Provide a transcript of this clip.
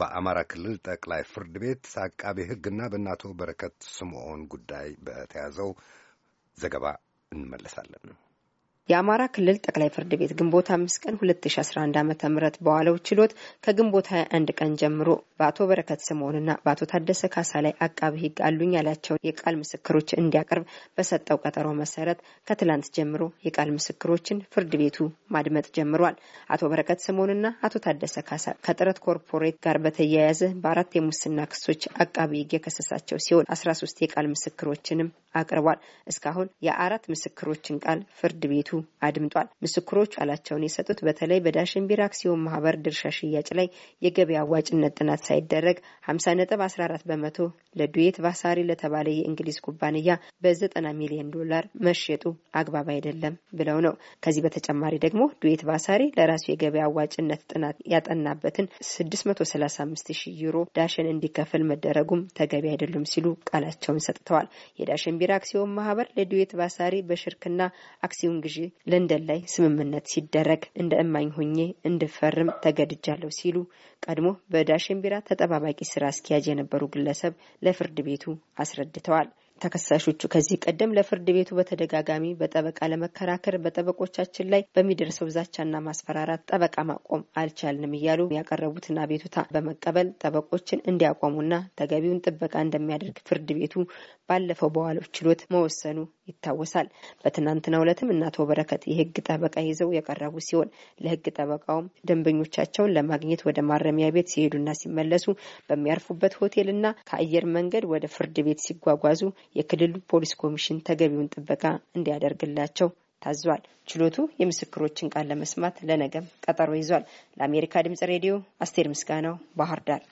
በአማራ ክልል ጠቅላይ ፍርድ ቤት አቃቤ ሕግና በእነ አቶ በረከት ስምዖን ጉዳይ በተያዘው ዘገባ እንመለሳለን። የአማራ ክልል ጠቅላይ ፍርድ ቤት ግንቦት አምስት ቀን 2011 ዓ ም በዋለው ችሎት ከግንቦት 21 ቀን ጀምሮ በአቶ በረከት ስምኦንና በአቶ ታደሰ ካሳ ላይ አቃቢ ሕግ አሉኝ ያላቸው የቃል ምስክሮች እንዲያቀርብ በሰጠው ቀጠሮ መሰረት ከትላንት ጀምሮ የቃል ምስክሮችን ፍርድ ቤቱ ማድመጥ ጀምሯል። አቶ በረከት ስምኦንና አቶ ታደሰ ካሳ ከጥረት ኮርፖሬት ጋር በተያያዘ በአራት የሙስና ክሶች አቃቢ ሕግ የከሰሳቸው ሲሆን 13 የቃል ምስክሮችንም አቅርቧል። እስካሁን የአራት ምስክሮችን ቃል ፍርድ ቤቱ አድምጧል። ምስክሮች አላቸውን የሰጡት በተለይ በዳሽን ቢራ አክሲዮን ማህበር ድርሻ ሽያጭ ላይ የገበያ አዋጭነት ጥናት ሳይደረግ 50 14 በመቶ ለዱዌት ቫሳሪ ለተባለ የእንግሊዝ ኩባንያ በ90 ሚሊዮን ዶላር መሸጡ አግባብ አይደለም ብለው ነው። ከዚህ በተጨማሪ ደግሞ ዱዌት ቫሳሪ ለራሱ የገበያ አዋጭነት ጥናት ያጠናበትን 635 ዩሮ ዳሽን እንዲከፍል መደረጉም ተገቢ አይደሉም ሲሉ ቃላቸውን ሰጥተዋል። የዳሽን ቢራ አክሲዮን ማህበር ለዱዌት ቫሳሪ በሽርክና አክሲዮን ግዢ ለንደን ላይ ስምምነት ሲደረግ እንደ እማኝ ሆኜ እንድፈርም ተገድጃለሁ ሲሉ ቀድሞ በዳሽን ቢራ ተጠባባቂ ስራ አስኪያጅ የነበሩ ግለሰብ ለፍርድ ቤቱ አስረድተዋል። ተከሳሾቹ ከዚህ ቀደም ለፍርድ ቤቱ በተደጋጋሚ በጠበቃ ለመከራከር በጠበቆቻችን ላይ በሚደርሰው ዛቻና ማስፈራራት ጠበቃ ማቆም አልቻልንም እያሉ ያቀረቡትን አቤቱታ በመቀበል ጠበቆችን እንዲያቆሙና ተገቢውን ጥበቃ እንደሚያደርግ ፍርድ ቤቱ ባለፈው በዋለው ችሎት መወሰኑ ይታወሳል። በትናንትናው ዕለትም እነ አቶ በረከት የህግ ጠበቃ ይዘው የቀረቡ ሲሆን ለህግ ጠበቃውም ደንበኞቻቸውን ለማግኘት ወደ ማረሚያ ቤት ሲሄዱና ሲመለሱ በሚያርፉበት ሆቴልና ከአየር መንገድ ወደ ፍርድ ቤት ሲጓጓዙ የክልሉ ፖሊስ ኮሚሽን ተገቢውን ጥበቃ እንዲያደርግላቸው ታዟል። ችሎቱ የምስክሮችን ቃል ለመስማት ለነገም ቀጠሮ ይዟል። ለአሜሪካ ድምጽ ሬዲዮ አስቴር ምስጋናው ባህር ዳር